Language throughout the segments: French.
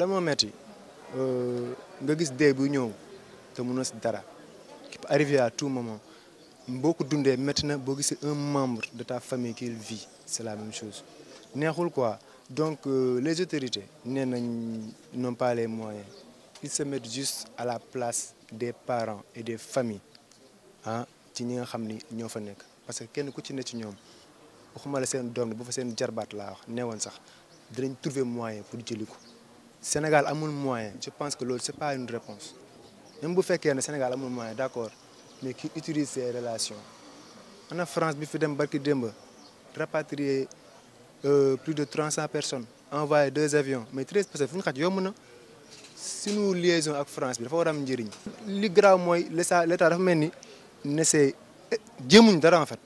la moo euh, nga gis dee bu te mënoo dara arriver à tout moment beaucoup ko dundee métti na boo gisee un membre de ta famille qui vit c'est la même chose neexul quoi donc euh, les autorités nee nañ n'ont pas les moyens ils se mettent juste à la place des parents et des familles hein ci nga xam ni ñoo parce que kenn ku ci ne ci ñoom waxuma la seen doom ne ba fa seen jarbaat laa wax neewoon sax dinañ trouver moyen pour jëli ko Sénégal amul moyen je pense que ce n'est pas une réponse même bu fekkee le Sénégal amul moyen d'accord mais qui utilise ces relations En France bi fi dem barki rapatrier euh, plus de 300 personnes envoyer deux avions mais 13 personnes Si nous xaj nous, si nous liaison France il faut que nous nous disions. l'État l'État dafa pas ni eh, en fait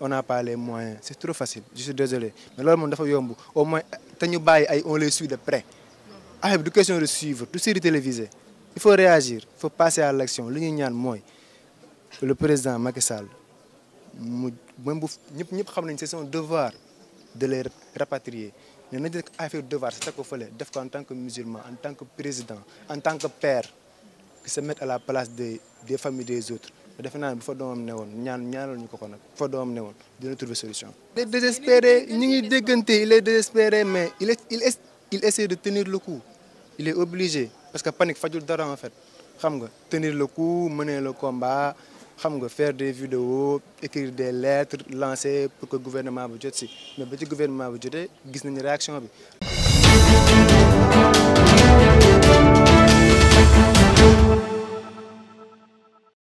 on n'a pas les moyens c'est trop facile je suis désolé mais là, au moins on les suit de près y a ah, des question de suivre Tout série télévisé. il faut réagir il faut passer à l'action le président Macky Sall nous même c'est son devoir de les rapatrier mais a fait le devoir C'est ce qu'il faut def en tant que musulman en tant que président en tant que père que se mettre à la place des des familles des autres il faut solution. il est désespéré il est désespéré mais il essaie de tenir le coup il est obligé parce que panique a dara en fait xam tenir le coup mener le combat faire des vidéos écrire des lettres lancer pour que le gouvernement bu jot mais le gouvernement bu jotee pas. réaction